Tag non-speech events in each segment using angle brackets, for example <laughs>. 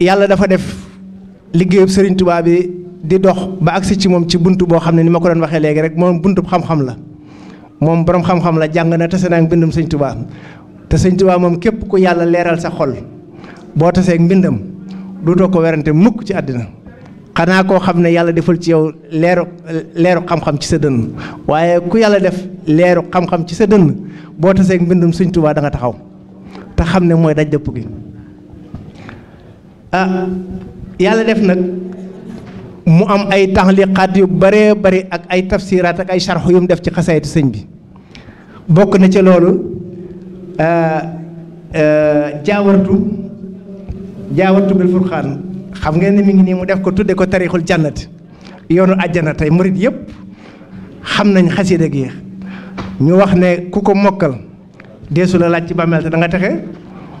yàlla dafa def liggéeyub Serigne Touba bi di dox ba agsi ci moom ci bunt boo xam ne ni ma ko doon waxee léegi rek moom buntub xam-xam la moom borom xam-xam la jàng na tase naa mbindum Sëñ Touba te Sëñ Touba moom képp ku yàlla leeral sa xol boo tasee mbindam du duutoo ko werante mukk ci àddina xanaa koo xam ne yàlla defal ci yow leeru leeru xam-xam ci sa dënn waaye ku yàlla def leeru xam-xam ci sa dënn boo taseeg mbindum Sëñ Tuubaa da taxaw te xam ne mooy daj dëpp gi ah, yàlla def nag mu am ay taxliqaat yu baree bari ak ay tafsiraat ak ay sharx yu mu def ci xasaytu sëñ bi bokk na ci loolu ah, ah, jaawartu jaawartu bil furxaan xam nga ne mi ngi nii mu def ko tudde ko tarixul jannati yoonu àjjana tey murit yépp xam nañ xasida gi ñu wax ne ku ko mokkal deesu laaj ci bàmmeel te da texe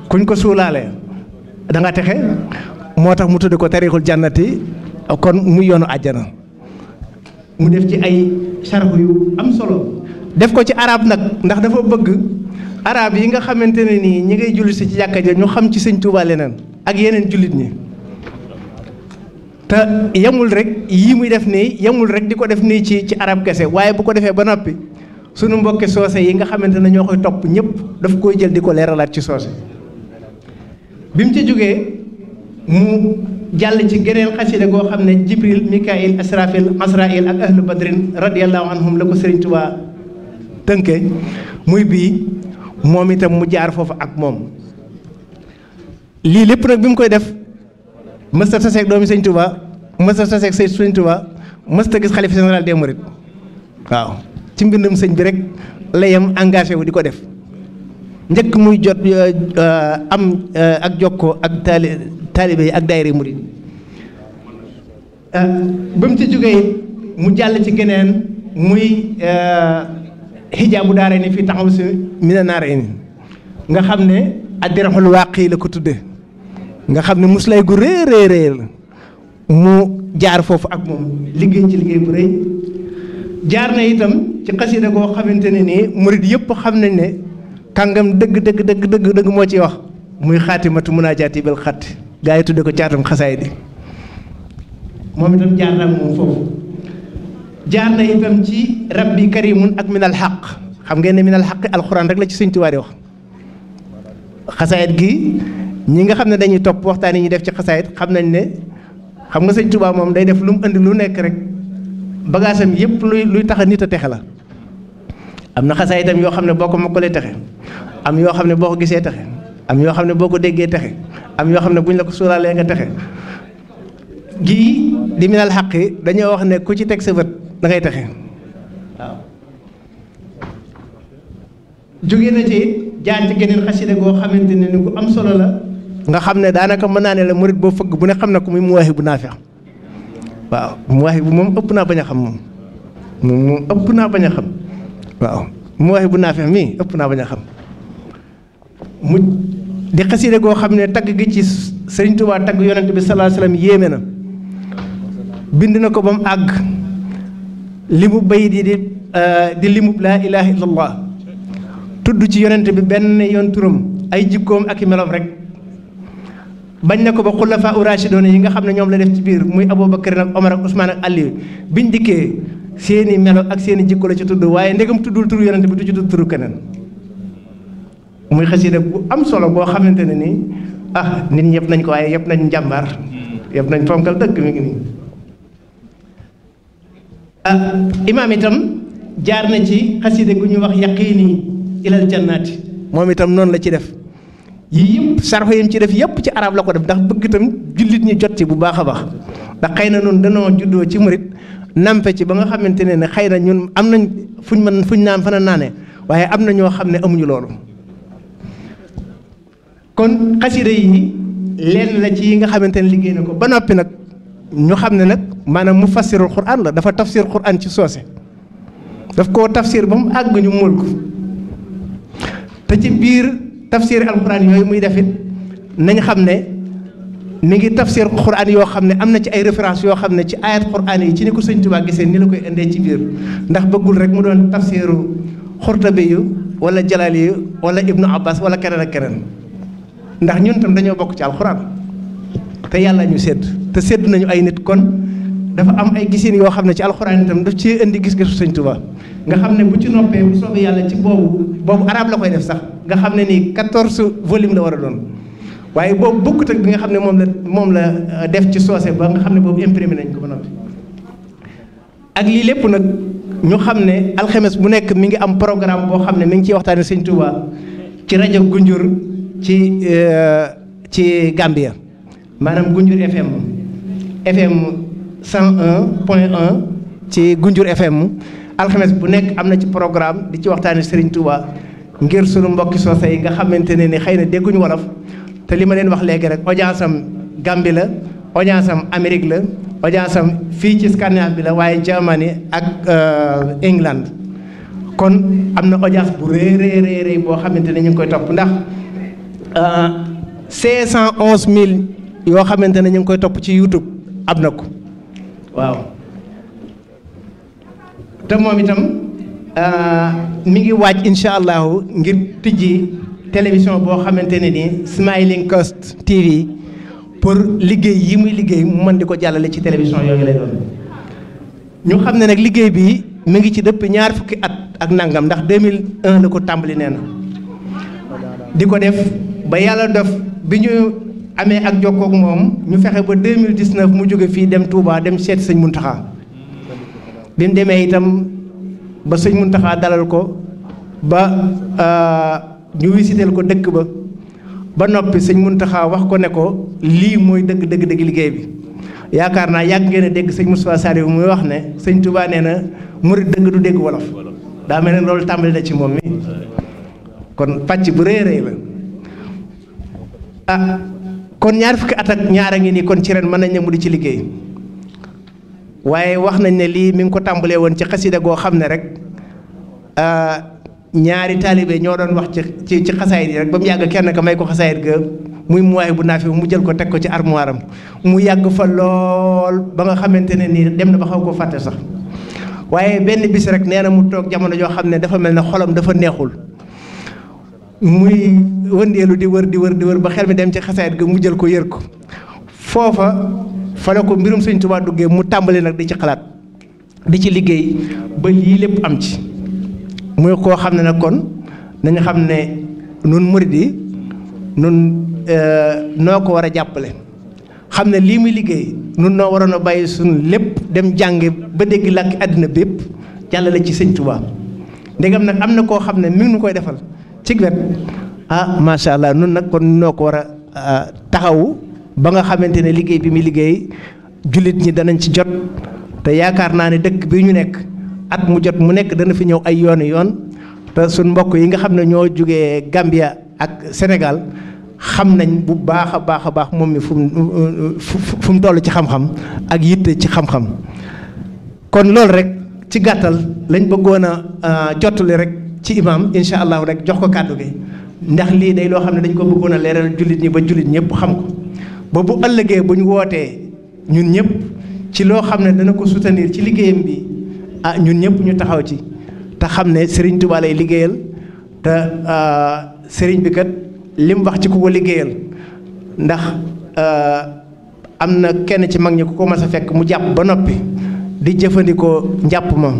kuñ ko suulaale danga texe moo tax mu tudde ko tarixul jannati kon muy yoonu àjjana mu def ci ay sarxu yu am solo def ko ci arab nag ndax dafa bëgg arab yi nga xamante ne nii ñi ngay jullit si ci jàkka ja ñu xam ci sëñ Tuubaa leneen ak yeneen jullit ñi te yamul rek yii muy def nii yamul rek di ko def nii ci ci arab kese waaye bu ko defee ba noppi sunu mbokki soose yi nga xamante ne ñoo koy topp ñëpp daf koy jël di ko leeralaat ci soose bi mu ci jógee mu jàll ci geneen xasida goo xam ne jibril mikail asrafil asrail ak ahlu badrin an anhum la ko sëriñ Tuubaa tënke muy bii moom itam mu jaar foofu ak moom lii lépp nag bi mu koy def mësta taseeg doomi sëñ Touba mësta taseeg sëñ sëñ Touba mësta gis xalifa général des mourides waaw ci mbindum sëñ bi rek la yem engagé wu di ko def njëkk muy jot euh, euh, am euh, ak jokkoo ak taalibe yi ak daayira murid ba mu ci jógee mu jàll ci geneen muy xijaabu daara ni fii taxaw si mina naara ni nga xam ne addiraxul waaqi la ko tudde nga xam ne muslay gu rëy rëy rëy la mu jaar foofu ak moom liggéey ci liggéey bu rëy jaar na itam ci xasida koo xamante ne nii murit yëpp xam nañ ne kàngam dëgg dëgg dëgg dëgg dëgg moo ciy wax muy xaatimatu munaajaati bel xatti gaa yi tudde ko caatam xasaay di moom itam jaar na moom foofu jaar na itam ci rabbi karimun ak minal xaq xam ngeen ne minal xaq alxuraan rek la ci Sëñ Tuubaa di wax xasaayit gi ñi nga xam ne dañuy topp waxtaan yi ñu def ci xasaayit xam nañ ne xam nga sëñ Tuubaa moom day def lu mu indi lu nekk rek bagaasam yépp luy luy tax a nit a texe la am na xasaayitam yoo xam ne boo ko mokkalee texe am yoo xam ne boo ko gisee texe am yoo xam ne boo ko déggee texe am yoo xam ne buñ la ko suuralee nga texe gii di minal xaqi dañoo wax ne ku ci teg sa bët da texe waaw jóge na ci jaar ci geneen xasida goo xamante ne ni ku am solo la nga xam ne daanaka mën naa ne la murit boo fëgg bu ne xam na ko muy muwaahibu naafi waaw muwaahibu moom ëpp naa bañ xam moom moom moom ëpp naa bañ a mii ëpp naa bañ a xam mu di xasiide goo xam ne tagg gi ci sëriñ Tuubaa tagg yonent bi sallallahu alayhi yéeme na bind na ko ba mu àgg limu bayit yi di euh, di limu laa ilaha illallah tudd ci yonent bi benn yoon turam ay jikkoom ak i meloom rek bañ na ko ba xulafa urashidoon yi nga xam ne ñoom la def ci biir muy Aboubacar ak Omar ak Ousmane ak Aliou biñ dikkee seeni melo ak seeni jikko la ci tudd waaye ndegam tuddul turu yonent bi du ci tudd turu keneen muy xasida bu am solo boo xamante ne nii ah nit ñi yëpp nañ ko waaye yëpp nañ njàmbaar yëpp nañ fonkal dëkk mi ngi nii ah imaam itam jaar na ci xasida gu ñuy wax yaqiini ilal jannaati moom itam noonu la ci def yii yëpp sarfa ci def yëpp ci arab la ko def ndax bëgg itam jullit ñi jot ci bu baax a baax ndax xëy na noonu danoo juddoo ci murit nampe ci ba nga xamante ne ne xëy na ñun am nañ fuñ mën fuñ naan fan a naane waaye am na ñoo xam ne amuñu loolu. kon xasida yi lenn la ci yi nga xamante ne liggéey na ko ba noppi nag ñu xam ne nag maanaam mu fassirul Qur'an la dafa tafsir Qur'an ci soose daf koo tafsir ba mu àgg ñu muul ko te ci biir. tafsir alquran yooyu muy defit nañ xam ne mi ngi tafsir quran yoo xam ne am na ci ay référence yoo xam ne ci ayat quran yi ci ni ko sëñ Tuubaa gisee ni la koy indee ci biir ndax bëggul rek mu doon tafsiru xurtabi yu wala jalaali yu wala ibnu abbas wala keneen ak ndax ñun dañoo bokk ci yàlla ñu sédd te sédd nañu ay nit kon dafa am ay gisin yoo xam ne ci alxuraan tam daf ci indi gis-gisu sëñ nga xam ne mu ci noppee bu soobee yàlla ci boobu boobu arab la koy def sax nga xam ne nii quatorze volume la war a doon waaye boobu bokkut ak bi nga xam ne moom la moom la euh, def ci soose ba nga xam ne boobu imprimé nañ ko ba noppi ak lii lépp nag ñu xam ne alxames bu nekk mi ngi am programme boo xam ne mi ngi ciy waxtaane sëñ Touba ci rajo Gunjur ci euh, ci Gambia maanaam Gunjur FM FM ci Gunjur FM alxames bu nekk am na ci programme di ci waxtaane Serigne Touba ngir sunu mbokki soose yi nga xamante ne ni xëy na dégguñu wolof te li ma leen wax léegi rek audience am Gambie la audience am la audience fii ci Scandinavie bi la waaye Germany ak euh, England kon am na audience bu rëy rëy boo xamante ne ñu ngi koy topp ndax 511000 euh, yoo xamante ne ñu ngi koy topp ci YouTube am na ko waaw te moom itam. Euh, mi ngi waaj incha allahu ngir tijji télévision boo xamante ne ni Smiling Coast TV pour liggéey yi muy liggéey mu man di ko jàllale ci télévision yooyu lay doon ñu xam ne nag liggéey bi mi ngi ci dëpp ñaar fukki at ak nangam ndax 2001 la ko tàmbali nee na di ko def ba yàlla def bi ñu amee ak jokkoog moom ñu fexe ba 2019 mu jóge fii dem Touba dem seet sëñ Muntaxa bi mu demee itam ba sëñ Muntaxa dalal ko ba euh, ñu wisiteel ko dëkk ba ba noppi sëñ Muntaxa wax ko ne ko lii mooy dëgg dëgg dëgg liggéey bi yaakaar naa yàgg ngeen a dégg sëñ Moustapha Saliou muy wax ne sëñ Touba nee na murit dëgg du dégg wolof daa mel ne loolu tàmbali na ci moom mi kon pàcc bu rëy rëy la ah kon ñaar fukki atak ak ñaar a ngi nii kon ci ren mën nañ ne mu di ci liggéey waaye wax nañ ne lii mi ngi ko tàmbalee woon ci xasida goo xam ne rek euh, ñaari taalibe ñoo doon wax ci ci xasaayit yi rek ba mu yàgg kenn ka may ko xasaayit ga muy muwaay bu naafi mu jël ko teg ko ci armoire am mu yàgg fa lool ba nga xamante ne nii dem na ba xaw ko fàtte sax waaye benn bis rek nee na mu toog jamono joo xam ne dafa mel ne xolam dafa neexul muy wëndeelu di wër di wër di wër ba xel mi dem ci xasaayit ga mu jël ko yër ko foofa fa ko mbirum sëñ Tuubaa duggee mu tàmbali nag di ci xalaat di ci liggéey ba lii lépp am ci muy koo xam ne na kon nañu xam ne nun murid yi nun euh, noo ko war a jàppale xam ne lii muy liggéey nun noo waroon a bàyyi suñu lépp dem jànge ba dégg làkki àddina bépp jàllale ci sëñ Tuubaa ndegam nag am na koo xam ne mi nu koy defal ci wet ah macha allah nun nag kon noo ko war a euh, taxawu ba nga xamante ne liggéey bi mu liggéey jullit ñi danañ ci jot te yaakaar naa ne dëkk bi ñu nekk at mu jot mu nekk dana fi ñëw ay yoon yoon te suñ mbokk yi nga xam ne ñoo jógee Gambia ak Sénégal xam nañ bu baax a baax a baax moom mi fu mu fu mu toll ci xam-xam ak yitte ci xam-xam kon loolu rek ci gàttal lañ bëggoon a jottali rek ci imam incha allah rek jox ko kàddu gi ndax lii day loo xam ne dañ ko bëggoon a leeral jullit ñi ba jullit ñëpp xam ko. ba bu ëllëgee bu ñu wootee ñun ñëpp ci loo xam ne dana ko soutenir ci liggéeyam bi ah ñun ñëpp ñu taxaw ci te xam ne sëriñ Touba liggéeyal te ah, Serigne bi kat lim wax ci ku ko liggéeyal ndax ah, am na kenn ci mag ñi ku ko mas a fekk mu jàpp ba noppi di jëfandikoo jàpp ma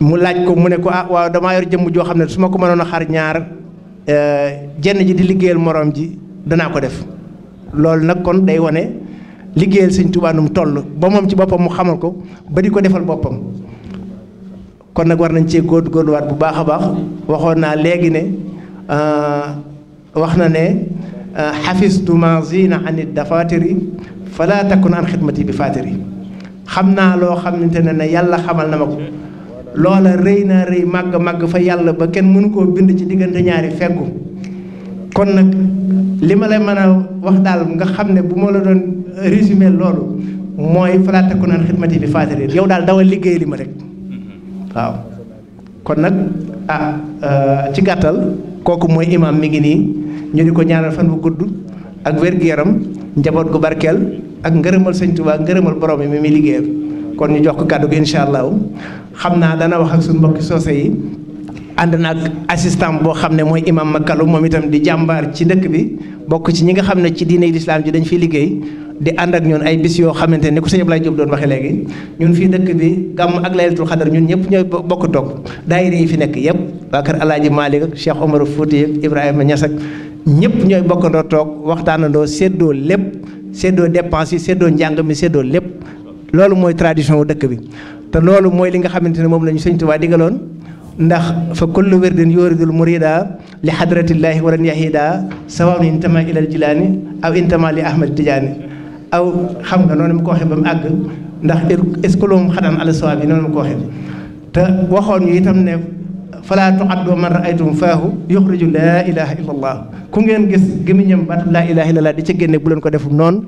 mu laaj ko mu ne ko ah waaw damaa yor jëmm joo xam ne su ma ko mënoon a xar ñaar eh, jenn ji di liggéeyal moroom ji danaa ko def. loolu nag kon day wane liggéeyal sëñ Tuubaa nu mu toll ba moom ci boppam mu xamal ko ba di ko defal boppam kon nag war nañ cee góorgóorluwaat bu baax a baax waxoon naa léegi ne euh, wax na ne euh, xafistu mazina anit dafatiri fala takun an xidmati bi fatiri xam naa loo xamante ne ne yàlla xamal na ma ko loola rëy naa rëy màgg màgg fa yàlla ba kenn mënu koo bind ci diggante ñaari feggu kon nag li ma la mën a wax daal nga xam ne bu ma la doon résumé loolu mooy falaa takunan xidmati li faatirin yow daal dawal liggéey li ma rek waaw kon nag ah euh, ci gàttal kooku mooy imaam mi ngi nii ñu di ko ñaanal fan bu gudd ak wér-gu-yaram njaboot gu barkeel ak ngërëmal sëñ Tuubaa ngërëmal borom mi mi liggéeyam kon ñu jox ko kàddu gi incha allahu xam naa dana wax ak suñu mbokki soose yi ànd na ak assistant boo xam ne mooy imam Makalu moom itam di jàmbaar ci dëkk bi bokk ci ñi nga xam ne ci diina lislaam ji dañ fiy liggéey di ànd ak ñun ay bis yoo xamante ne ku sëñ Ablaye Diop doon waxee léegi ñun fii dëkk bi gàmm ak laylatul xadar ñun ñëpp ñooy bokk toog daayira yi fi nekk yëpp waa kër Alaaji Malick ak Cheikh Omar Fouti ak ñëpp ñooy bokkandoo toog waxtaanandoo séddoo lépp séddoo dépense yi seddoo njàng mi séddoo lépp loolu mooy tradition wu dëkk bi te loolu mooy li nga xamante ne moom la ñu sëñ Tuubaa digaloon ndax fa kullu wirdin yuridul murida li xadratillaahi walan yahida sawaun intama ilal jilaani aw intama li ahmad tijaani aw xam nga noonu mu ko waxee ba mu àgg ndax iskulum xadan ala sawaab yi noonu ma ko waxee te waxoon ñu itam ne falaa tuaddu man raaytum faahu yuxriju laa ilaha illa allah ku ngeen gis gémmiñam baat laa ilaha illa allah di ca génne bu leen ko defum noonu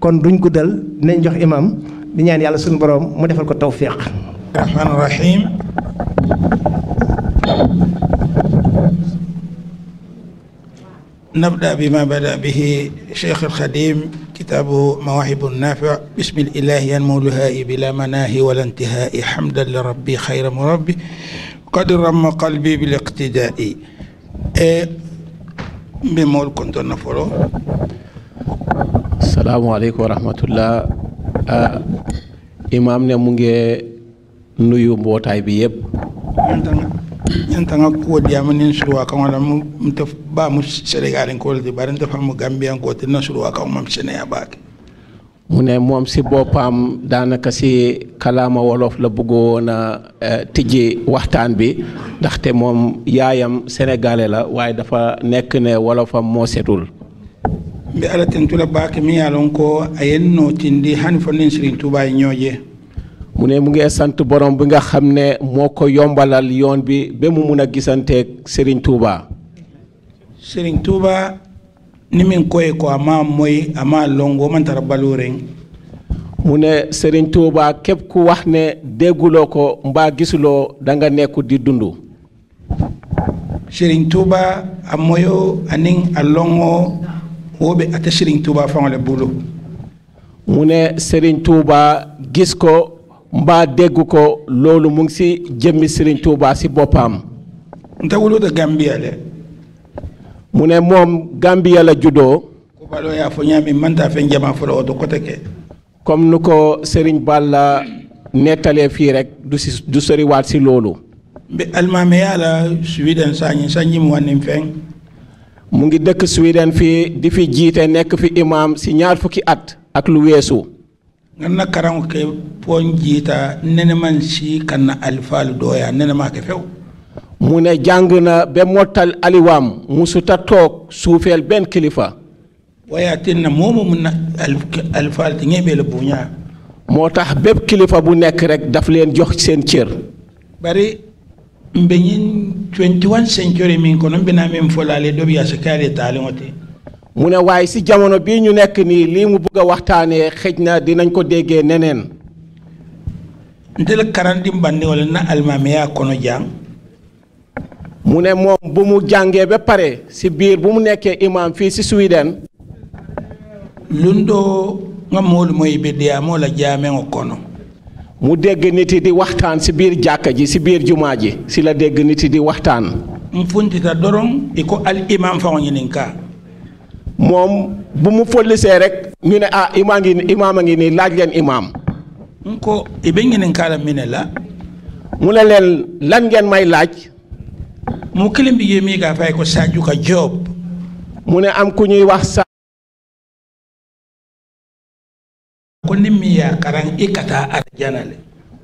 kon duñ guddal nañ jox imam di ñaan yàlla suñu borom mu defal ko tawfiq الرحمن الرحيم نبدأ بما بدأ به شيخ الخديم كتابه مواهب النافع بسم الإله ينمو لهائي بلا مناهي ولا انتهاء حمدا لربي خير مربي قد رم قلبي بالاقتداء بمول كنت نفرو السلام عليكم ورحمة الله imam ne mu ngi nuyu mbootaay bi yépp entanga kuwoɗiyama nin surwa kan mu te ba mu mu ne moom si boppam daanaka si kalaama wolof la bëggoon a eh, tijji waxtaan bi ndaxte moom yaayam sénégalais la waaye dafa nekk ne wolofam moo setul mbi ala tentula baake mi yalon ko a yen nootindi hani fo nin sirin tubaye ñooƴee mu ne mu ngi sant borom bi nga xam ne moo ko yombalal yoon bi ba mu mun a gisanteeg sëriñ Touba. sëriñ Touba ni min koye ko ama moy ama longo man tara balooreŋ mu ne sëriñ Touba képp ku wax ne dégguloo ko mbaa gisuloo danga nekku di dund. sëriñ Touba a moyo aniŋ a longo wo be ate Serigne Touba faŋo le bulu. mu ne Serigne Touba gis ko. mbaa dégg ko loolu mu ngi si jëmmi sëriñ tuubaa si boppam. ntawuluta Gambia le. mu ne moom Gambia la juddoo. kubalo yaa fo ñaami manta fen jama folo oto kote ke. comme nu ko Serigne Balla nettalee fii rek du si du soriwaat si loolu. bi almaameyaa la Sweden sañi sañi mu wànnin feeñ. mu ngi dëkk Sweden fii di fi jiite nekk fi imaam si ñaar fukki at ak lu weesu. ganna karaŋo ke poŋ jiita nene maŋ si kaŋ na alifaalu dooyaa nene maa ke few mu ne jàng na be mottal aliwaam musuta toog suufeel benn kilifa wayaatin na moomu mun na alifaalu ti ñeebee la buuñaa moo tax bépp kilifa bu nekk rek daf leen jox seen cir bari mbe ñiŋ 21 century miŋ kono mbe naa meŋ fo la ale doo bi yaasa ke ale taaliŋo ti mu ne waaye si jamono bii ñu nekk nii lii mu bugg a waxtaanee xëj na dinañ ko déggee neneen ndel karandim bandi wala na almaamiya kono jàng mu ne moom bu mu jàngee ba pare si biir bu mu nekkee imaam fii si Sweden lun doo nga moolu moy bi diyaa moo la jaamee nga kono mu dégg nit yi di waxtaan si biir jàkka ji si biir jumaa ji si la dégg nit yi di waxtaan mu funtita doroŋ i ko al imaam faŋo ñiniŋ kaa moom bu mu fëllisee rek ñu ne ah imaam ngi a ngi nii laaj leen imaam ko i be ɲininkala minɛ la mu ne leen lan ngeen may laaj mu kelen bi ye min k'a fɔ a ye ko Sadio mu ne am ku ñuy wax sa ko ni min y'a i ka arjana le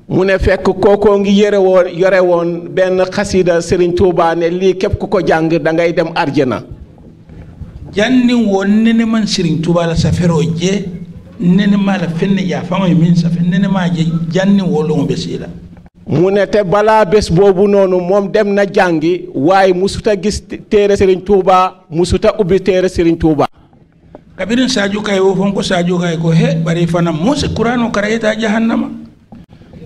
mu ne fekk kookoo ngi yore woon yore woon benn xasida Serigne Touba ne lii képp ku ko jàng da ngay dem arjana janni won neneman sirin tubala safero je nenema la fenne ya fama min safe nenema je janni wolongo be sila mu ne te balaa bés boobu noonu moom dem na jàngi waaye musuta gis téere Serigne Touba musuta ubbi téere Serigne Touba. kabirin Sadio Kaye woo fon ko Sadio ko he bari fana Moussa Kurano kara ita jahannama.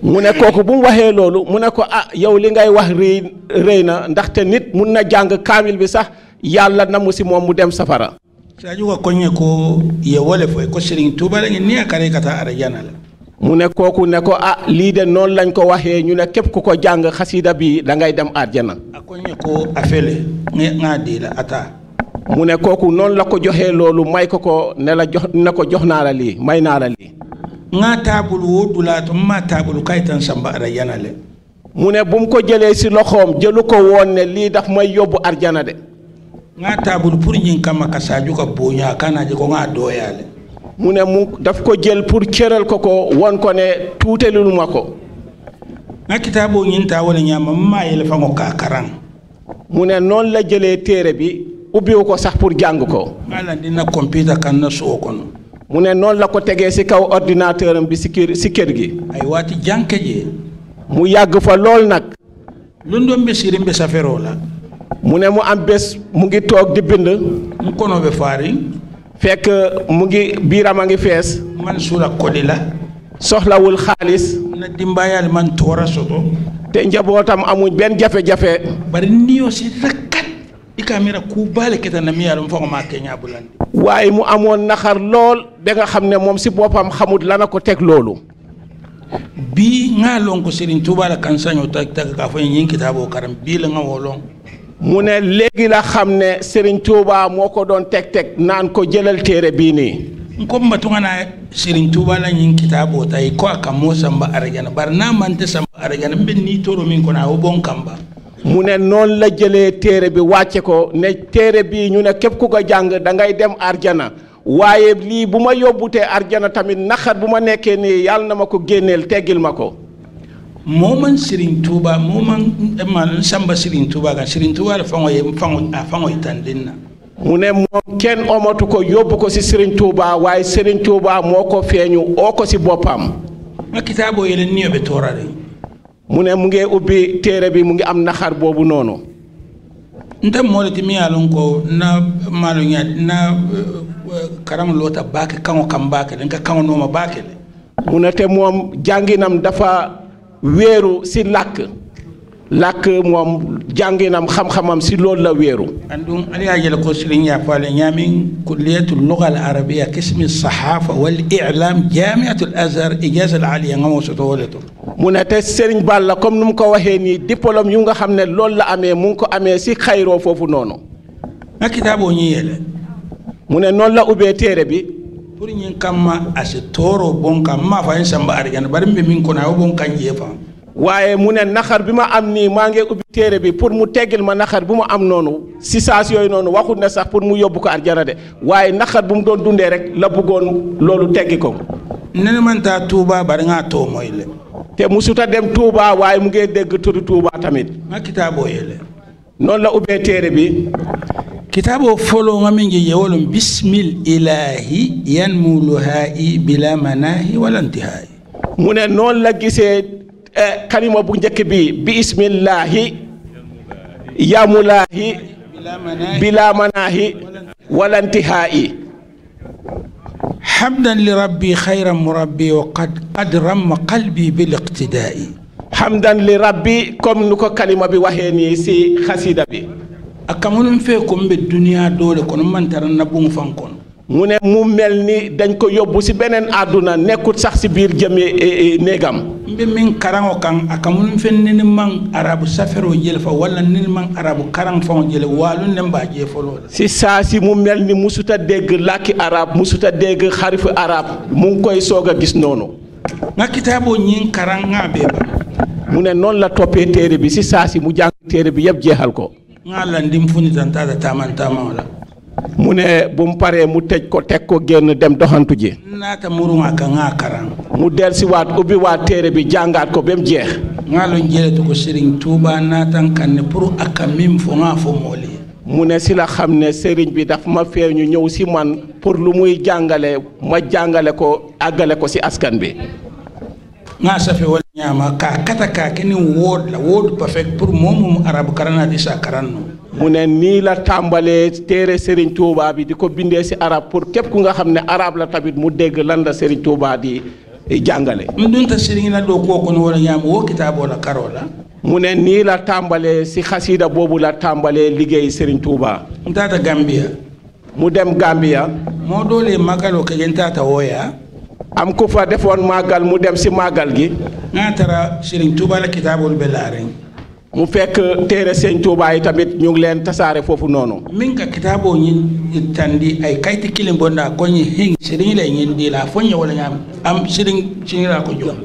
mu ne kooku bu mu waxee loolu mu ne ko ah yow li ngay wax rëy rëy na ndaxte nit mun na jàng kaamil bi sax. yàlla na mu si moom mu dem safara sajuka koñe ko ye wole foy ko Serigne Touba la ni akare kata arjana la mu ne kooku ne ko a ah, lii de noonu lañ ko waxee ñu ne képp ku ko jàng xasida bi dangay dem arjana a koñe ko a fele nga di la ata mu ne kooku noonu la ko joxee loolu may ko ko ne la jox ne ko jox naa la lii may naa la lii nga taabulu woo dulaato ma taabulu kayitan samba arjana le mu ne bu mu ko jëlee si loxoom jëlu ko woon ne lii daf may yóbbu arjana de nga taabul pour ñi kama kasaaju ka boña kana je ko nga doyaale mu ne mu daf ko jël pour cëral ko ko won ko ne tuutelul ko nga kitaaboo ñin taa wala ñaama maa yele fango kaa karan mu ne noonu la jëlee téere bi ubbiwu ko sax pour jàng ko ala dina computer kan na soo kono mu ne noonu la ko tegee si kaw ordinateur bi si kër ci kër gi ay waati jànke je mu yàgg fa lool nag lu ndoom be sirim la mu ne mu am bés mu ngi toog di bind mu kono be faari fekk mu ngi biiram a ngi fees man suura kodi la soxlawul xaalis na dimbaayal man toora soto te njabootam amuñ benn jafe-jafe bari niyo si rakkat i kaamira ku baale keta na mi yaalum foog bulandi waaye mu amoon naxar lool ba nga xam ne moom si boppam xamut lana ko teg loolu bii ngaa lon ko Serigne Touba la kan sañoo tag tag kaa fo ñiŋ kitaaboo karam bii la nga woo lon mu ne léegi la xam ne Serigne Touba moo ko doon teg teg naan ko jëlal téere bii nii. nkomba tungana Serigne Touba la ñin kitaaboo tay ko a kammoo samba arajana bari naa mante samba arajana mbe nii toro min ko naa wo bon kamba mu ne noonu la jëlee téere bi wàcce ko ne téere bi ñu ne képp ku ko jàng da ngay dem arjana waaye lii bu ma yóbbutee jana tamit naxat bu ma nekkee nii yàlla na ma ko génneel teggil ma ko moo man Serigne Touba moo man eh, maanaam Samba Serigne Touba kan Serigne Touba la fango ye fango a fango ah, tànnin na. mu ne moom kenn omatu ko yóbbu ko si Serigne Touba waaye Serigne Touba moo ko feeñu oo ko si boppam. ma kitaaboo yële nii be toora de. mu ne mu ubbi téere bi mu ngi am naxar boobu noonu. nta moolu ti miŋ ye a loŋ ko na maaluña na eh, eh, karamu loota baake kaŋo kaŋ baake le nka kaŋo nooma baake le. mu te moom jànginam dafa. wéeru si làkk làkk moom jànginam xam-xamam si loolu la weeru an ɗum aɗa yaajele ko siriñ yafaale ñaamin kulliyatul luga al arabia qismi sahafa wal ilam jamiatul azhar ijazal aliya nga moo soto wole to mu ne te Serigne Balla comme nu mu ko waxee nii diplôme yu nga xam ne loolu la amee mu ngi ko amee si xayroo foofu noonu nga kitaaboo ñu yeele mu ne noonu la ubbee téere bi pour ñin kamma asi tooro bon kam ma fa samba arjana bari mbe min kono awo bon kan jee fam waaye mu ne naxar bi ma am nii maa ngi ubbi téere bi pour mu teggil ma naxar bu ma am noonu si saas yooyu noonu waxut ne sax pour mu yóbbu ko arjana de waaye naxar bu mu doon dundee rek la bëggoon loolu teggi ko nene man taa tuuba bari ngaa too mooy le te musuta dem tuuba waaye mu ngi dégg turu tuuba tamit ma kitaaboo yee le noonu la ubbee téere bi kitaaboo folonga min ngi yewolum bismil ilahi yanmuluhaayi bila manahi wala intihaayi mu ne noonu la gisee eh, kalima bu njëkk bi bismillahi yamulaahi bila manaahi wala intihaayi hamdan li rabbi xayran murabbi wa kalima bi waxee nii si xasida bi a kamunum fee ko mbe duniyaa doole kono man tara na buŋ faŋ kono mu ne mu mel ni dañ ko yóbbu si beneen àdduna nekkut sax si biir jëme e, néegam mbe min karaŋo kaŋ a fa walla nini maŋ arabu karaŋ faŋo jele saa si mu mel ni musuta dégg làkki arab musuta arab mu ngi koy soog a gis noonu ne noonu la toppee téere bi si saa si mu jàng téere bi yëpp jeexal ko ŋàllandim fu ni tantaata taaman taamaŋo la mu ne bu mu paree mu tëj ko teg ko génn dem doxantu ji naata muruŋa ka ŋa karaŋ mu delsiwaat ubbiwaat téere bi jàngaat ko ba mu jeex ŋa loŋ jeletu ko sëriñ Tuubaa naatan kan ne pour aka miŋ fo ŋa fo moolu mu ne si la xam ne sëriñ bi dafa ma feeñu ñëw si man pour lu muy jàngale ma jàngale ko àggale ko si askan bi ngasafe wala ñaama ka kata ka keni woodla woodu pafek pour momum arabu karanaɗi sa karanno mu ne nii la tàmbalee téere Serigne Touba bi di ko bindee si arab pour képp ku nga xam ne arab la tamit mu dégg lan la Serigne Touba di eh, jàngale mu dunta Serigne la ɗo kookono wala ñaama wo kitaaboo la karoo la mu ne nii la tàmbalee si xasiida boobu la tàmbalee liggéey Serigne Touba mu taata mu dem Gambia moo doolee magaloo am ku fa defoon màggal mu dem si màggal gi. naa tara Serigne Touba la kitaabul belaare mu fekk téere Serigne Touba yi tamit ñu leen tasaare foofu noonu. min ka kitaaboo ñi tandi ay kayti kilim bonda ko ñi hing Serigne lay ñi di la foññe wala ñaam am Serigne Serigne laa ko jox.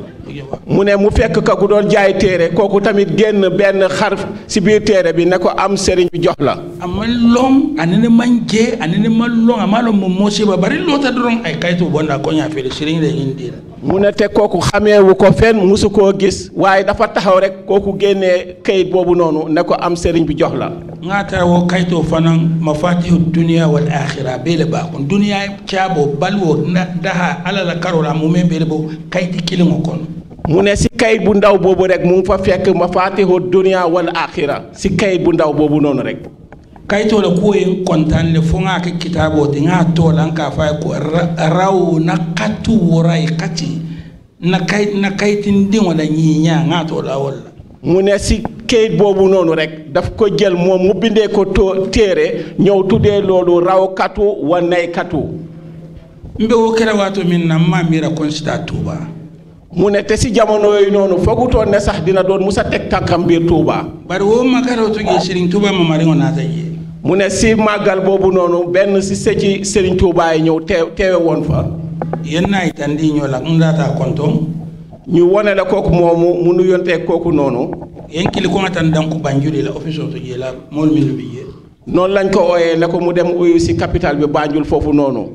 mu ne mu fekk ka ku doon jaay téere kooku tamit génn benn xar si biir téere bi ne ko am sëriñ bi jox la aman lom anene man je anene man lom ama lom mo mosi ba bari loota doron ay kayitu bonda ko ñaa fele sëriñ la indi mu ne te kooku xameewu ko fenn musu koo gis waaye dafa taxaw rek kooku génnee kayit boobu noonu ne ko am sëriñ bi jox la nga tara wo ma fanan mafatihu dunia wal axira bee le baa kon dunia caaboo balwoo mu mu ne si kayit bu ndaw boobu rek mu ngi fa fekk mafaatihu dunya wal axira si kayit bu ndaw boobu noonu rek kayitola kuwoyin kontanle fo ŋa ke kitabo ti ŋa tola n ka fa ko raw na katu worai kati na kay na kayitindiŋo la ñiiña ŋa tola wolla mu ne si kayit boobu noonu rek daf ko jël moom mu ko to téere ñëw tuddee loolu raw katu wa nay katu mbe wo kela waato min na maa mira konsita tuuba mu ne te si jamono yooyu noonu foogutoon ne sax dina doon musa teg tànkam biir Touba. bari wo magaroo tugee Serigne Touba ma mari naata jee. mu ne si màggal boobu noonu benn si sëci Serigne Touba yi ñëw teew teewe woon fa. yéen naa itam di ñëw la mu laataa kontoon. ñu wone la kooku moomu mu nuyonteeg kooku noonu. yéen kili ko nga tan danku Banjul la office tugee la mool mi lu bi noonu lañ ko ooyee ne ko mu dem uyu si capital bi Banjul foofu noonu.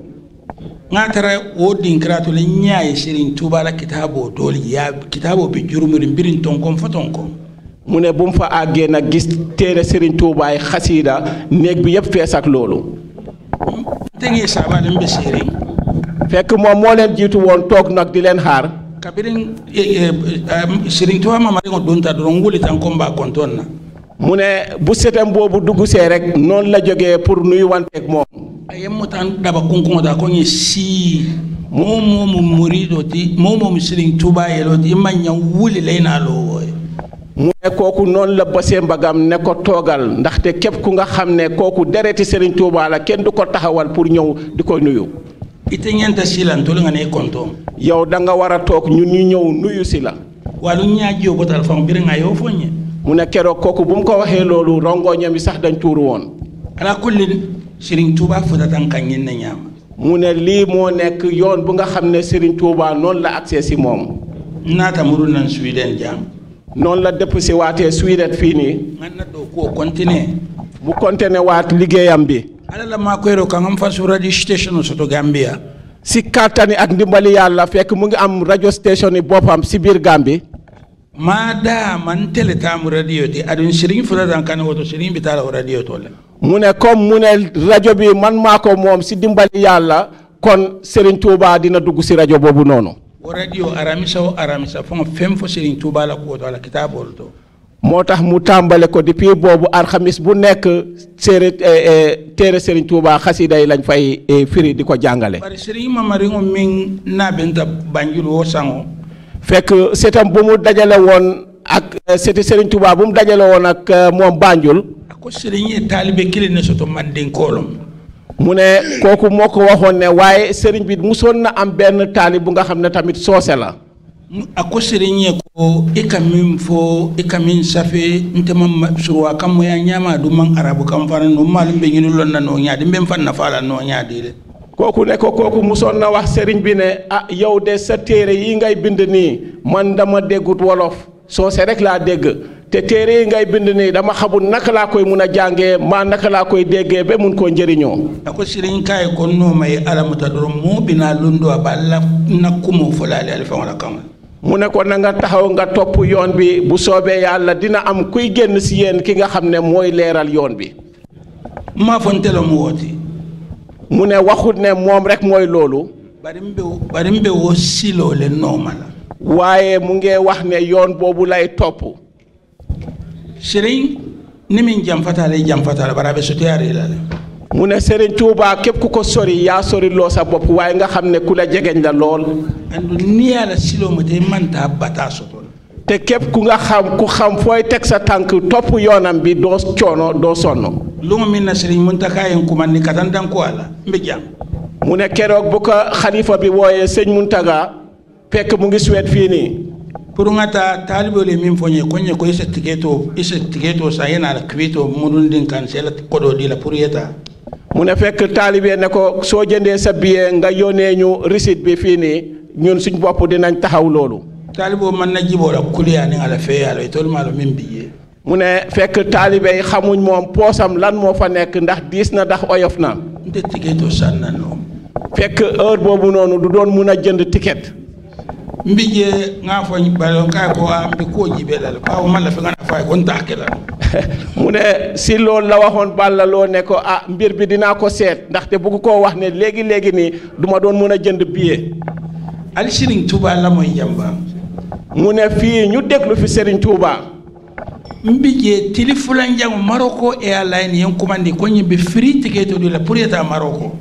n'a taara o dinkira to la n y'a ye serin tuba la kitaabo ya kitaabo be jurumurin birin ton fo ton kon mu ne bu mu fa àggee nag gis téere Serigne Touba ay xasiida néeg bi yëpp fees ak loolu. Hmm? tënkee saabaa dañ ba séeréer. fekk moom moo leen jiitu woon toog nag di leen xaar. kabirin eh, eh, eh, Serigne Touba ma ma ko doon na. mu ne bu setam boobu dugg see rek noonu la jógee pour nuyu wanteeg moom a yemmutan daba kunkuŋota ko ŋe sii moo moomu muridoo ti moo moomu siriŋ tuubaa yeloo ti i maŋ ñaŋ wuli lay naa loo mu ne kooku noonu la basee mbagam ne ko toogal ndaxte képp ku nga xam ne kooku dereti Serigne Touba la kenn du ko taxawal pour ñëw di ko nuyu. ite ñeenta si la ntolu nga ne kontoon. yow danga nga war a toog ñun ñu ñëw nuyu si la. wàllu ñaaj yow ba téléphone bi nga yow foo ñëw. mu ne keroog kooku bu mu ko waxee loolu rongoñam bi sax dañ tuuru woon. ala kulli Serigne Touba Fouta kañ na ñaama. mu ne lii moo nekk yoon bu nga xam ne Serigne Touba noonu la agsee si moom. naata muru nan Sweden jaam. noonu la dëpp si waatee Sweden fii nii. man na doo koo continuer. bu continuer waat liggéeyam bi. ala la maa koy rokangam fan su radio station soto Gambia. si kàttani ak ndimbali yàlla fekk mu ngi am radio station boppam si biir Gambie. maadaama ntele taamu radio ti aɗum sirin fuladan kane woto sirin bitala o radio tolle mu ne comme mu ne rajo bi man maa ko moom si dimbali yàlla kon Serigne Touba dina dugg si rajo boobu noonu o radio aramisa o aramisa fon fen fo Serigne Touba la kuwoto ala kitaabolu to moo tax mu tàmbale ko depuis boobu alxamis bu nekk séeré eh, eh, téere Serigne Touba xasida yi lañ fay eh, firi di ko jàngale bari Serigne Mamari min naa benta Banjul wo sango fekk seetam bu mu dajale woon ak euh, seeti Serigne Touba bu mu dajale woon ak euh, moom Banjul. ko Serigne taalibe kile ne soto man den koolom mu ne kooku moo ko waxoon ne waaye Serigne bi musoon na am benn taalib bu nga xam ne tamit soose la. a ko Serigne ko i ka min fo i ka min safe n tɛ ma suruwa kan mo ya ɲama du man arabu kan fana no maalum bɛ ɲini lɔn na n'o ɲaadi n bɛ n la n'o ɲaadi dɛ. kooku ne ko kooku musoon na wax sëriñ bi ne ah yow de sa téere yi ngay bind nii man dama déggut wolof soose rek laa dégg te téere yi ngay bind nii dama xamul naka laa koy mun a jàngee maa naka laa koy déggee ba mun koo njëriñoo ko siriñ kaye ko noomay alamata dorom moo binaa lundoo ba la nakkumoo folaali alifaŋola kaŋo mu ne ko na nga taxaw nga topp yoon bi bu soobee yàlla dina am kuy génn si yéen ki nga xam ne mooy leeral yoon bi maa fonte mu ne waxut ne moom rek mooy loolu. bari mu bë bari mu bë woo siloo le nooma la. waaye mu ngi wax ne yoon boobu lay topp. sëriñ ni min jàmfataale jàmfataale bara be sotiyaare la le. mu ne Serigne Touba képp ku ko sori yaa sori loo sa bopp waaye nga xam ne ku la jegeñ la lool. andu ni yàlla siloo ma te man taa bataa soto te képp ku nga xam ku xam fooy teg sa tànk topp yoonam bi doo coono doo sonn. lu mu min na Serigne Mountakha yen kuma ni katan dan ko ala mbijam mu ne keroog bu ko xalifa bi wooyee sëñ Mountakha fekk mu ngi suweet fii nii. pour nga taa taalibe le min fo ñe ko ñe ko i se tigeto i se tigeto sa la kiwito mudun din la pour yeta mu ne fekk taalibe ne ko soo jëndee sa billet nga yónnee ñu receipt bi fii nii ñun suñ bopp dinañ taxaw loolu taaliboo mën na jiboo la kuliyaa ni nga la feeyaalo yi tolu maa la min bijee mu ne fekk taalibe yi xamuñ moom poosam lan moo fa nekk ndax diis na ndax oyof na nte ticket to sànnan o fekk heure boobu noonu du doon mun a jënd ticket mbije nga foñ balon kay ko am bi ko jibe dal baw man la fi nga fay kon taake la <laughs> mu ne si loolu la waxoon Balla loo ne ko ah mbir bi dinaa ko seet ndaxte bëgg ko wax ne léegi léegi nii duma doon mën a jënd billet. Al Serigne mu ne fii ñu déglu fi Serigne Touba. mbije tili fulanjangu maroko e alayni yen kumandi ko ñimbe free ticket la pour yeta maroko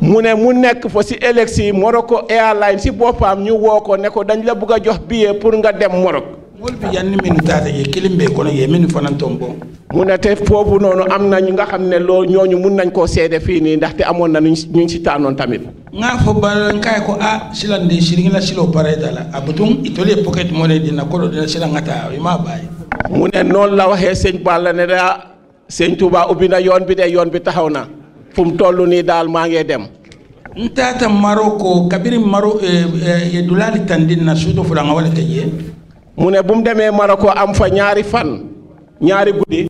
mu ne mu nekk fa si élection yi Morocco Airlines si boppam ñu woo ko ne ko dañ la bëgg a jox billet pour nga dem Morok moolu yanni minnu taata ye kilim be kono ye minnu fana toon bon mu ne te foofu noonu am na ñu nga xam ne loolu ñooñu mun nañ koo seede fii nii ndaxte amoon na ñu ñu si taanoon tamit ngaa fo balan kaye ko a ah, silande siringila siloo parayta la a ah, butun itole pocket moo ne dina kolo dina silanga taa i maa bàyyi mu ne noonu la waxee sëñ Balla ne daa sëñ Touba ubbi yoon bi de yoon bi taxaw na fu mu toll nii daal maa ngee dem ntaata maro ko kabiri maro ye eh, eh, eh, dulaali na suuto fulanga wala ke mu ne bu mu demee Maroko am fa ñaari fan ñaari guddi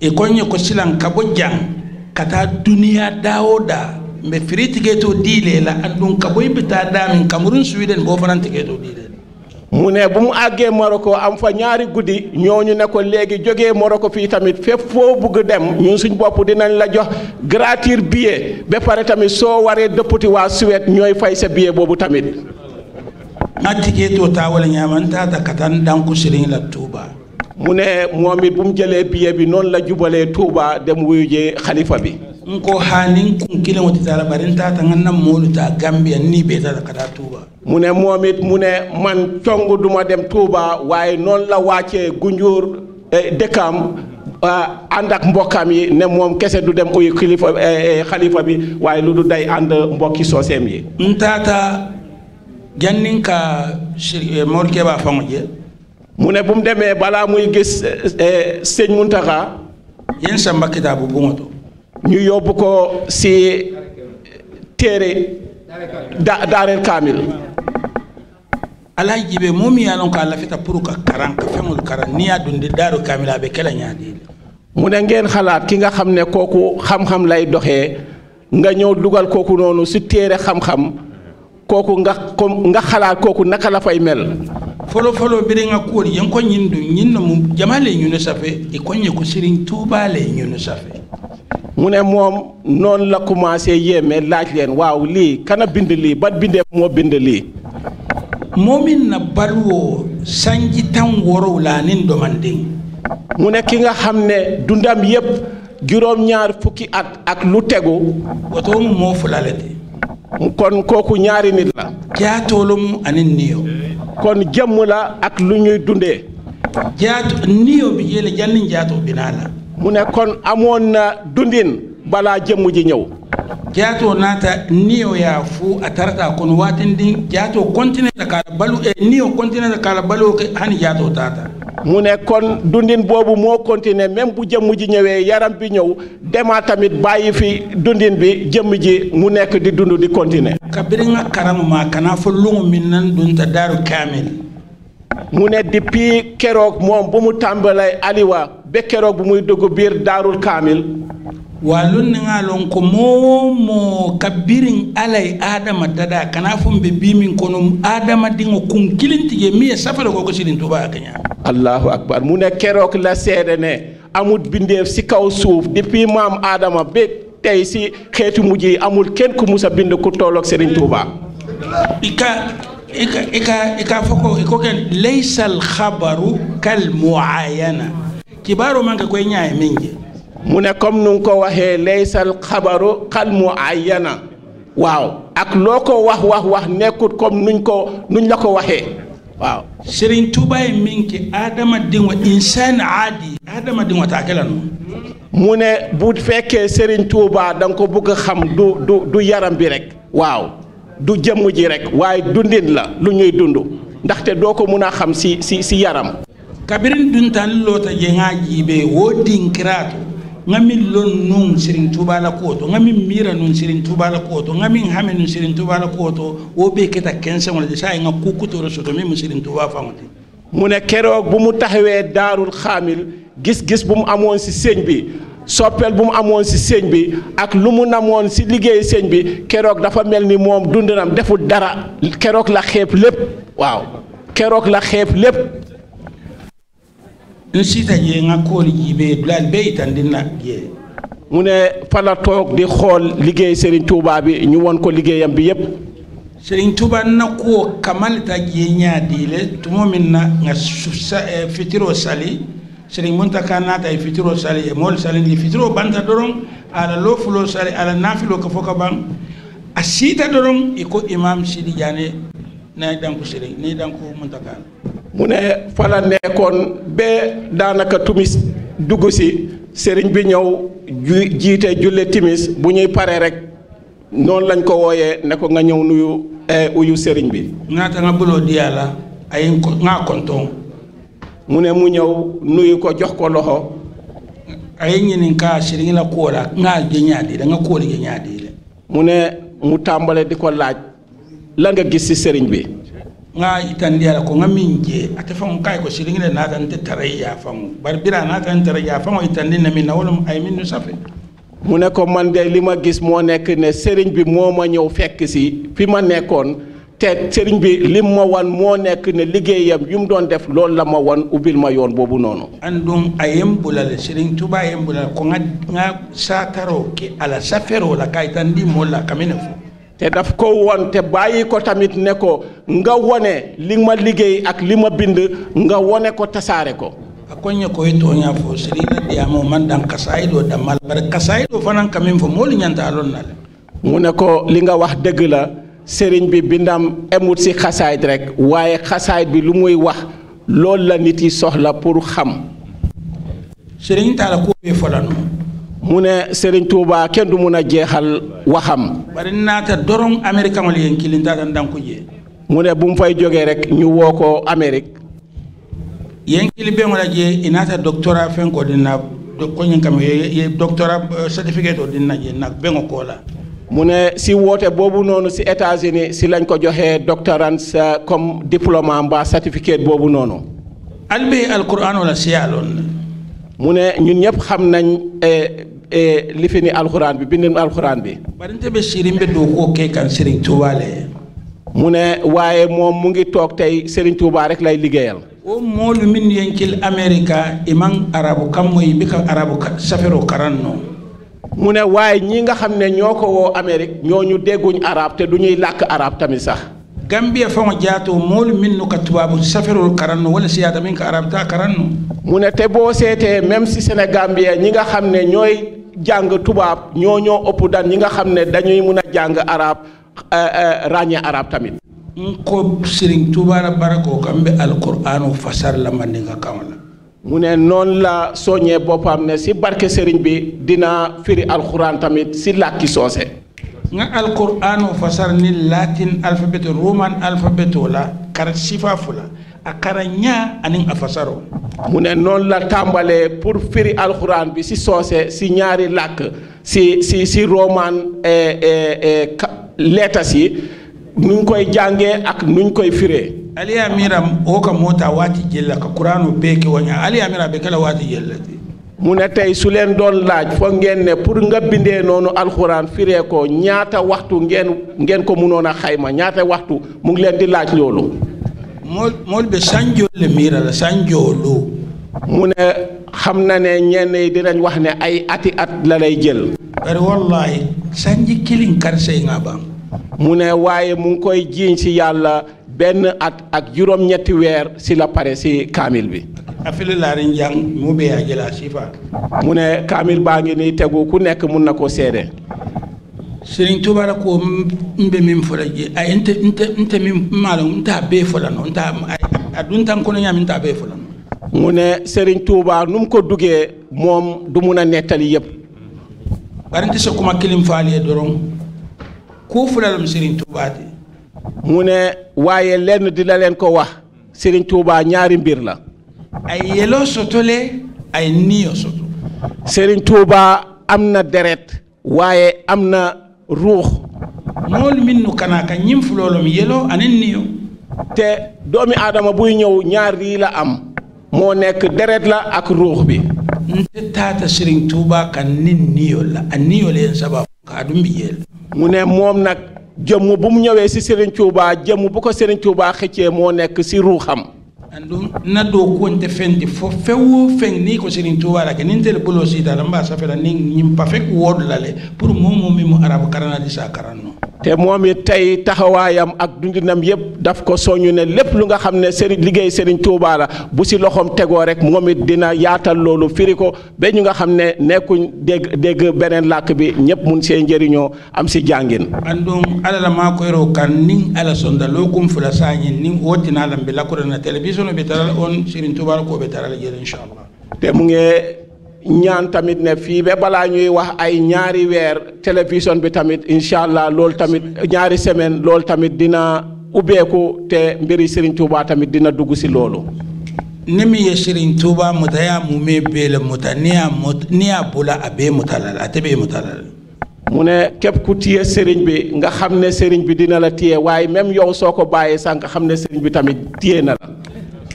e koñe ko silan ka bojjan kata duniya dawo da mbe firi tigeto diile la andun ka boy bita damin kamurun sweden bo fanan tigeto diile mu ne bu mu àggee Morocco am fa ñaari guddi ñooñu ne ko léegi jógee Morocco fii tamit fépp foo bugg dem ñun suñ bopp dinañ la jox gratuit billet ba pare tamit soo waree dëppati waa suwet ñooy fay sa billet boobu tamit ŋa tike to taawal ñaama n taata ka taa n danku la tuuba mu ne moom it bu mu jëlee billet bi noonu la jubalee tuuba dem wuyu je xalifa bi n ko haani kun kiliŋo ti taa la bari n taata ŋa na moolu taa gambiya nii bee taata ka tuuba mu ne moom it mu ne man cong duma dem tuuba waaye noonu la wàccee gunjuur eh, dëkkaam eh, ànd ak mbokkam yi ne moom kese du dem uyu kilifa eh, xalifa bi waaye lu du day ànd mbokki sooseem yi n jannin ka eh, morke ba fango je mu ne bu mu demee balaa muy gis eh, eh, sëñ Muntaxa yen samba kitaabu bu ngoto ñu yóbbu ko si téere da daareel kaamil ala jibe moom yaa lon ko a lafita pour ka karan ka feŋol karan ni yaa dundi daaru kaamil a be kela ñaadi mu ne ngeen xalaat ki nga xam ne kooku xam-xam lay doxee nga ñëw dugal kooku noonu si téere xam-xam kooku nga ko nga xalaat kooku naka la fay mel fɔlɔfɔlɔ bere ŋa kuwolu yen ko ñin du ñin nomu jama le ñunu safe i ko ñe ko siriñ tuuba le ñunu safe mu ne moom noonu la commencé yéeme laaj leen waaw lii kana bind lii ba bindee moo bind lii moo min na baluwoo sanji tan worow la nin domanden mu ne ki nga xam ne dundam yépp juróom-ñaar fukki at ak lu tegu woto moo fula le te kon kooku ñaari nit la jaatoolum anin niyo kon jëmm la ak lu ñuy dundee jaato niyo bi yéele jannin jaatoo binaa la mu ne kon amoon na dundin balaa jëmm ji ñëw jaatoo naata niyo yaa fu a tarata kono waatindin jaatoo continue ta kaala balu e niyo continue ta kaala baloo ke hani jaatoo taata mu ne kon dundin boobu moo continuer même bu jëmm ji ñëwee yaram bi ñëw demaat tamit bàyyi fi dundin bi jëmm ji mu nekk di dund di continuer kabiri nga karamu maa kanaa fa luŋu min nan dunta daaru kaamil mu ne depuis keroog moom bu mu tàmbalee aliwa be keroog bu muy dugg biir daarul kaamil wallun ni nga lon ko momo ka birin alay adama dada kana fon be bimin kono adama dingo kun kilintige mi e safara ko ko silin tuba akanya allahu akbar mu ne keroog la seede ne amut bindeef si kaw suuf depuis maam adama be tey si xeetu mujj yi amul kenn ku musa bind ku tolloog Serigne Touba ika ika ika ika foko iko ken laysal xabaru kal muayana kibaaru man ka koy ñaay min mu ne comme nu ko waxee laysal xabaru xal mu ayana waaw ak loo ko wax wax wax nekkut comme nuñ ko nuñ la ko waxee waaw Serigne Touba ye min ke adamadenw insaan di adamadenw taa kela no mu ne bu fekkee Serigne Touba danga ko bugg xam du yaram bi rek waaw du jëmm ji rek waaye dundin la lu ñuy dund ndaxte doo ko mun a xam si si si yaram kabirin duntan lota jengaji be wodin kirato ngamin lon nun sirin tubala koto ngamin mira nun sirin tubala koto ngamin hame nun sirin tubala koto wo be keta kense wala de sai ngakku kutoro soto mi mu ne keroog bu mu taxawee daarul xaamil gis-gis bu mu amoon si sëñ bi soppeel bu mu amoon si sëñ bi ak lu mu namoon si liggéey señ bi keroog dafa mel ni moom dundinam deful dara keroog la xeeb lépp waaw keroog la xeeb lépp nsita je nga kool jibe dulal be itandi na je mu ne fa di xool liggéey Serigne Touba bi ñu won ko liggéeyam bi yépp Serigne Touba na ko kamalta je ñaadiile tumo min na nga sa eh, fitiro sali Serigne Muntaka naata e fitiro sali eh, mool sali ndi fitiro banta doron ala loofulo sali ala naafilo ka fo ka ban a siita doron e ko imam Sidi Diané nayi danko Serigne nayi danko Muntaka mu ne fa la nekkoon ba daanaka tumis dugg si sëriñ bi ñëw ju jiite julle timis bu ñuy pare rek noonu lañ ko wooyee ne ko nga ñëw nuyu eh, uyu sëriñ bi naat nga buloo di yàlla ay nga kontoon mu ne mu ñëw nuyu ko jox ko loxo ay ñinin kaa sëriñ la kóola ngaa jëñaadi da nga kóoli jëñaadi le mu ne mu tàmbale di ko laaj la nga gis ci sëriñ bi nga itandi ala ko nga min je ate fango kay ko siringine natante tarayya fango bari bira natante tarayya fango itandi na min na wolum ay min nu safe mu ne ko man de li ma gis moo nekk ne sëriñ bi moo ma ñëw fekk si fi ma nekkoon te sëriñ bi lim ma wan moo nekk ne liggéeyam yu mu doon def loolu la ma wan ubbil ma yoon boobu noonu andum a yembulal sëriñ Tuubaa yembulal ko nga nga saataroo ki ala saferoo la kay tandi mool la kamine fo te daf ko won te bàyyi ko tamit ne ko nga wone li ma liggéey ak li ma bind nga wone ko tasaare ko a koñña koye tooña fo sirina diyamo man dan kasayi ɗo dammal bare kasayi ɗo fanan kamin fo moolu ñanta alon nale mu ne ko li nga wax dëgg la sëriñ bi bindam emut si xasaayit rek waaye xasaayit bi lu muy wax loolu la nit yi soxla pour xam sëriñ taala ko be folano mu ne Serigne Touba kenn du mun a jeexal waxam. bari naata doroŋ Amérique amal yéen kii danko jee. mu ne bu mu fay jogee rek ñu woo ko Amérique. yen kili beŋola je inata doctorat fenko dinna koñin kam ye doctorat euh, certificate o dinna je na beŋo kola mu ne si woote boobu noonu si États-Unis si lañ ko joxee doctorants euh, comme diplôme mbaa certificate boobu noonu albe alquran wala siya loon mu ne ñun ñëpp xam nañ euh, e lifini alxuraan bi bindin alxuraan bi barinte be sirin be dookoo kee kan Serigne Touba le mu ne waaye moom mu ngi toog tey Serigne Touba rek lay liggéeyal o moolu min yenkil amerika iman arabu kam moy bi ka arabu safero karan no mu ne waaye ñii nga xam ne ñoo ko woo amérique ñoo ñu dégguñ arab te du ñuy làkk arab tamit sax gambiya faŋo jaatoo moolu minnu ka tubaabu safeerolu karannu wala siyaata miŋ ka arabita karannu mu ne te boo seetee même si Sénégambie ñi nga xam ne ñooy jàng tubaab ñoo ñoo ëpp dan ñi nga xam ne dañuy mun a jàng arab euh, euh, ràññee arab tamit nko Sëriñ Tuubaa la barakoo kam be alquraanu fasar la mandinka kaŋo la mu ne noonu la soññee boppam ne si barke sëriñ bi dina firi alxuraan tamit si làkki soose nga alqur'anu fasarni latin alphabet roman alphabet la kar sifafu la a kara ña anin a fasaro mu ne noonu la tàmbalee pour firi alxuraan bi si soose si ñaari làkk si si si roman eh, eh, eh, leetas yi nuñ koy jàngee ak nuñ koy firee ali amira wo ka moo taa waati jëlla ka qur'anu bee ke waña ali amira be kala waati jëlla mu ne tey su leen doon laaj foog ngeen ne pour nga bindee noonu alxuraan firee ko ñaata waxtu ngeen ngeen ko mënoon a xayma ñaata waxtu mu ngi leen di laaj loolu. mool mool bi sànjoole miira la sànjoolu mu ne xam na ne ñenn yi dinañ wax ne ay ati at la lay jël. bari wallaahi sanji kilin karse nga baam mu ne waaye mu ngi koy jiiñ ci yàlla. benn at ak juróom-ñetti weer si la pare si kaamil bi. afilulaari njàng mu bee ajala sifa. mu ne kaamil baa ngi nii tegu ku nekk mun na ko seede. Serigne Touba la ko mbe min fola je ay nte nte nte min maalon nta bee fola no nta a duntan kono ñaami nta bee fola no. mu ne Serigne Touba nu ko duggee moom du mun a nettali yëpp. bari nte sa kuma kilim faali ye doroŋ kuu fula lam Serigne Touba te. mu ne waaye lenn la leen ko wax Serigne Touba ñaari mbir la. ay yeloo soto le ay niyo soto. Serigne Touba am na deret waaye am na ruux. moolu min nu kanaaka ñim fuloolom yeloo anen niyo. te doomi aadama buy ñëw ñaar yii la am. moo nekk deret la ak ruux bi. nte taata Serigne Touba kan nin niyo la a niyo leen sabab. kaa du mbiyeel mu ne moom nag. jëmm bu mu ñëwee si Serigne Touba jëmm bu ko Serigne Touba xëccee moo nekk si ruuxam an ɗum naɗɗo kuwonte fende fof fewwo fen ni ko sirin tuwarake nin tele bolo sidala mba safela nin ñim pafe woɗlale pour momomi mo arabe karanadi sa karanno te moom it tey taxawaayam ak dundinam yëpp daf ko soñu ne lépp lu nga xam ne sëriñ liggéey sëriñ Tuubaa bu si loxoom tegoo rek moom it dina yaatal loolu firi ko ba ñu nga xam ne nekkuñ dégg dégg beneen làkk bi ñëpp mun see njëriñoo am si jàngin andum ala la maa koyroo kan ala jono ɓe tarala on sirin tubakoɓe tarala jeeɗa inchallah te mu ngi ñaan tamit ne fii ba balaa ñuy wax ay ñaari weer télévision bi tamit inchallah lool tamit ñaari semaine lool tamit dina ubbeeku te mbiri Serigne Touba tamit dina dugg si loolu nemi ye Serigne Touba muta ya mume beele muta ni bula a bee mutalal ate bee mu ne képp ku téye sëriñ bi nga xam ne sëriñ bi dina la téye waaye même yow soo ko bàyyee sax nga xam ne sëriñ bi tamit téye na la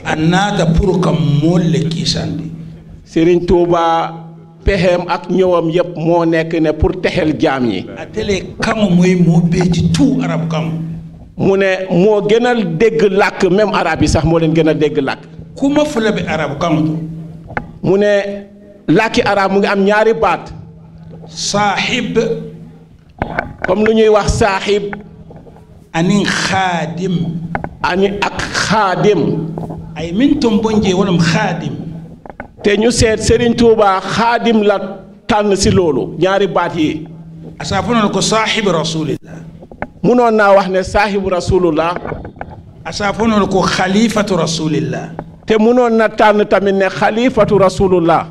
annata pour kam molle kiisandi Serigne Touba pexeem ak ñëwam yépp moo nekk ne pour texeel jaam yi a tele kaŋo mooy moo beeji tout arab kaŋo mu ne moo gën a dégg làkk même arab yi sax moo leen gën a dégg làkk kuma fula bi arab kaŋo mu ne làkki arab mu ngi am ñaari baat saaxib comme lu ñuy wax saaxib anin xaadim ani ak xaadim ay mintum bonje wonum xaadim te ñu seet Serigne Touba xaadim la tànn si loolu ñaari baat yi asaafonoon ko saaxibu rasulillah munoon naa wax ne saaxibu rasulullah asaafonoon ko xalifatu la te mënoon na tànn tamit ne xalifatu rasulullah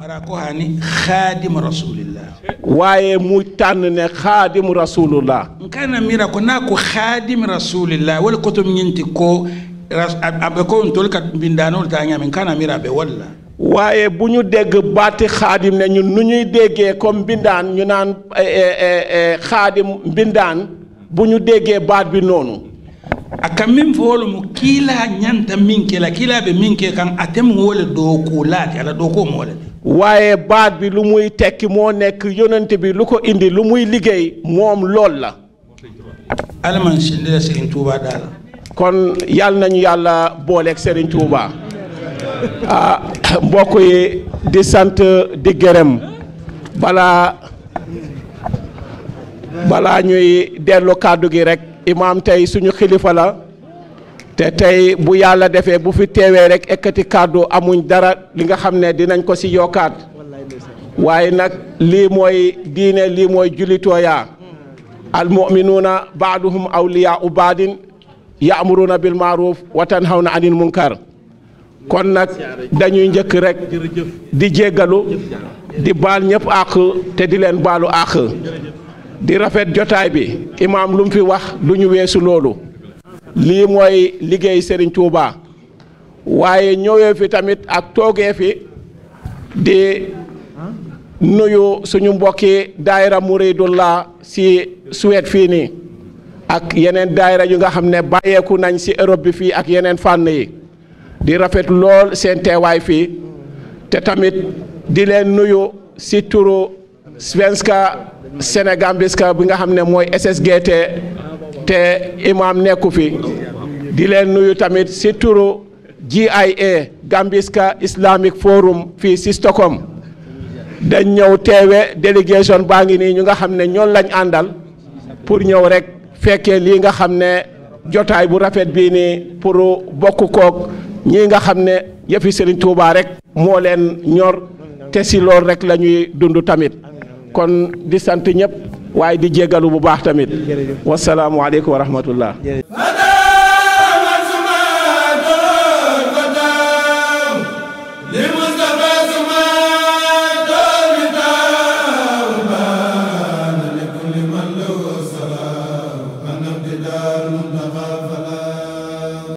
waaye mu tànn ne xaadimu rasulullah nkana mira ko naa ko xaadimu rasulillah wala kotom ñinti ko aɓe ko on tol kat mbindanol ta ñami nkana walla waaye bu ñu dégg baati xaadim ne ñun nu ñu déggee comme mbindaan ñu naan eh, eh, eh, xaadim mbindaan bu ñu déggee baat bi noonu aka min fo wolumu kiila ñanta min ke la kiila be min ke kan ate mu wole dooku laati ala dookoo mu wole waaye baat bi lu muy tekki moo nekk yonent bi lu ko indi lu muy liggéey moom loolu la ala man sindi la Serigne Touba daal kon yal nañu yàlla booleeg Serigne Touba ah mbokk di sant di gërëm balaa balaa ñuy dellu kàddu gi rek imaam tey suñu xilifa la te tey bu yàlla defee bu fi teewee rek ekkati kàddu amuñ dara li nga xam ne dinañ ko si yokkaat waaye nag lii mooy diine lii mooy julitooyaa almuminuuna baaduhum awliyaau baadin yaamuruuna bil maaruf wa tanhawna anil munkar kon nag dañuy njëkk rek di jéggalu di baal ñëpp àq te di leen baalu àq di rafet jotaay bi imaam lu mu fi wax duñu weesu loolu lii mooy liggéey Serigne Touba waaye ñëwee fi tamit ak toogee fi di nuyu suñu mbokki daayira laa si suwet fii nii ak yeneen daayira yu nga xam ne bàyyeeku nañ si Europe bi fii ak yeneen fànn yi di rafet lool seen teewaay fii te tamit di leen nuyu si turu svenska sénégambiska bi nga xam ne mooy SSGT te nekku fi di nuyu tamit si turu GIA Gambiska Islamic Forum fii si Stockholm dañ ñëw teewe délégation baa ngi nii ñu nga xam ne ñoom lañ àndal pour ñëw rek fekkee lii nga xam ne jotaay bu rafet bii nii pour bokk kook ñii nga xam ne yëfi Serigne Touba rek moo leen ñor te si loolu rek la ñuy dund tamit kon di sant ñëpp waaye di jéggalu bu baax tamit wasalaamualeykum wa rahmatullah